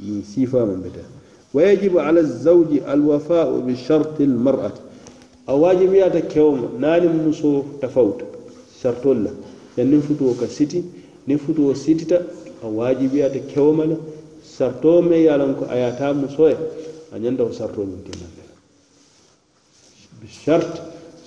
min sifa man bete wa yajibu ala zawji alwafau bi sharti almar'ati a wajibu yata kewma nani muso tafauta shartol la yani nin futuwo ka siti ni futuwo sitita a wajibu yata kewma la sarto me yalan ko ayata muso ya a nyanda wa sarto min timanda bi shart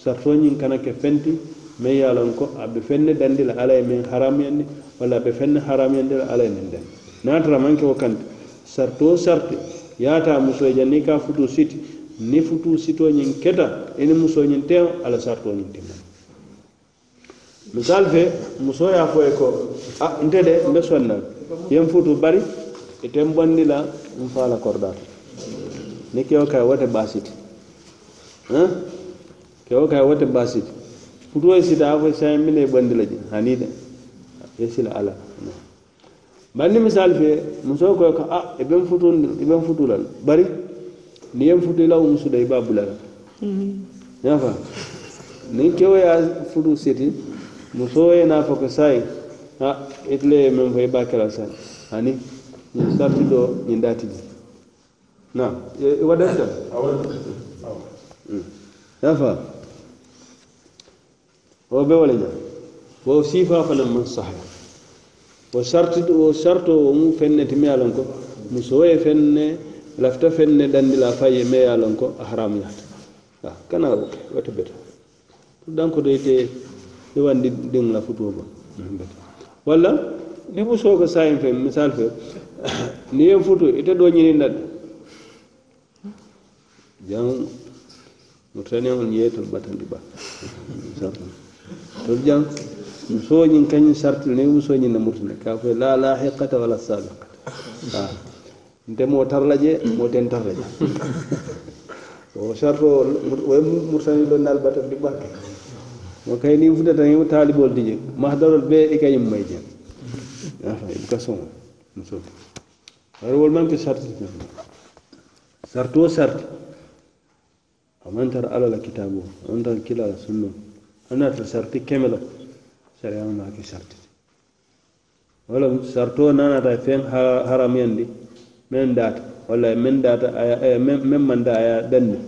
sarto nyin kana ke fenti me yalan ko abbe fenne dandila alay men haram yanni wala be fenne haram yanni alay men den nan tara man ke wakanta sarto sarti yata muso ye janni ka futu siti ni futu sito nyin keta ini muso nyin teŋ ala sarto nyin teŋo misal fe muso ya fo eko a ndede nda sonna yem futu bari etem bondi la n fa la kordato ni kewo kay wote basit hein kewo kay wote basiti futuwo sita a fo saye mine bondi la je hani de ala Ah, e e bari ni misali fe musoo koy ko a i ben futundi i ben futulal bari ni yen futu ilawo musuda i ba bulala ñafa ni kewo ya futu siti musoo ye na fo ko sayi a ah, itile ye men fo i ba kela sayi ani ñin sarti do ñin dati di na i wadanta ñafa o be wala ña wo sifa fanan man sahla o sarti o sartowo mu fenne timeya lon ko musowoye fenne lafta fenne dandila faye meya lon ko a haramu yata a kana ok wata beta pour donc do ite iwandi dingla futuo ba beta walla ni musoo ko sayin fe misal fe ni yen futu ite do ñini nat jan mutaneol ñeye tol batandi ba tol jan musoñin kañum sartil ne musoñin namurtine ka foy la lahiqata wala sabiqata a ndemo tarlaje mo den tarlaje o sarto o murtani lo nalbatam ɗi ɓake mo kay ni fudata yo taliɓol diƴe mahdarol ɓe ɗi e kañum may jen aɗ e gason o musol arwol manke sartit sarto sarti a mantar alala kitabo a mantar kilala sunno anata sarti kemelo sariyama maki sartite walla sarto nanata feŋ haramuyandi men data walla men data eh, men manda aya dande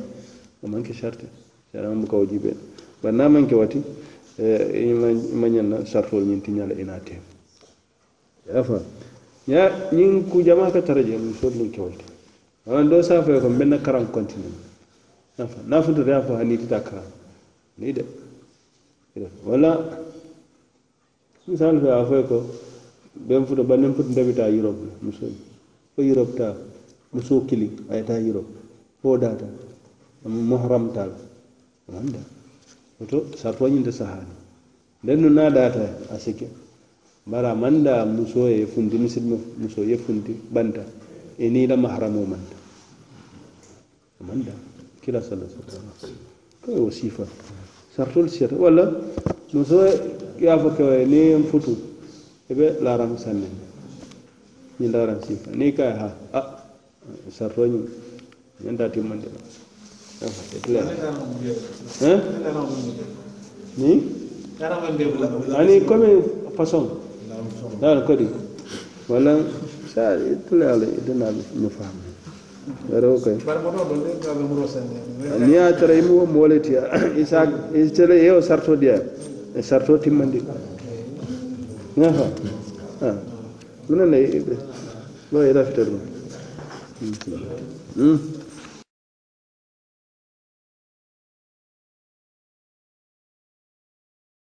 o manke sarte sariyama buka wajibe bari na manke wati eh, imañanna sartol ñin tiñala ina tem yafa ya ñin ku jama ka taraje mu sodlin kewalte wala do safa ko benna karam kontinu yafa na fudu yafa hanitita karam ni de wala misal fe a foy ko ɓen fu to banen foti ndewita europe mi soñi fo europe ta mo suo kili a yeta europe fodata mohram tal anda oto sartoñinde sahani nden no nadata a sikke bara manda muso ye fundi musidme muso ye fundi banta e nila mahramo manda manda kila sala sala to o sifa sartol sir wala muso i ye fo kewaye niŋ ye n futu i be laaraŋ sanne ñiŋ laaraŋ siifa niŋ nda ka ye ha a sartoo ni ñiŋ taa timmandi bla ani comme façon ko di wala sa tule ala dina ñu faam darawo kay ni ya tara mau mo leti isa isa ya, sarto dia ሰርቶ ቲመንዲ ምን ለይ ወይ ለፍተሩ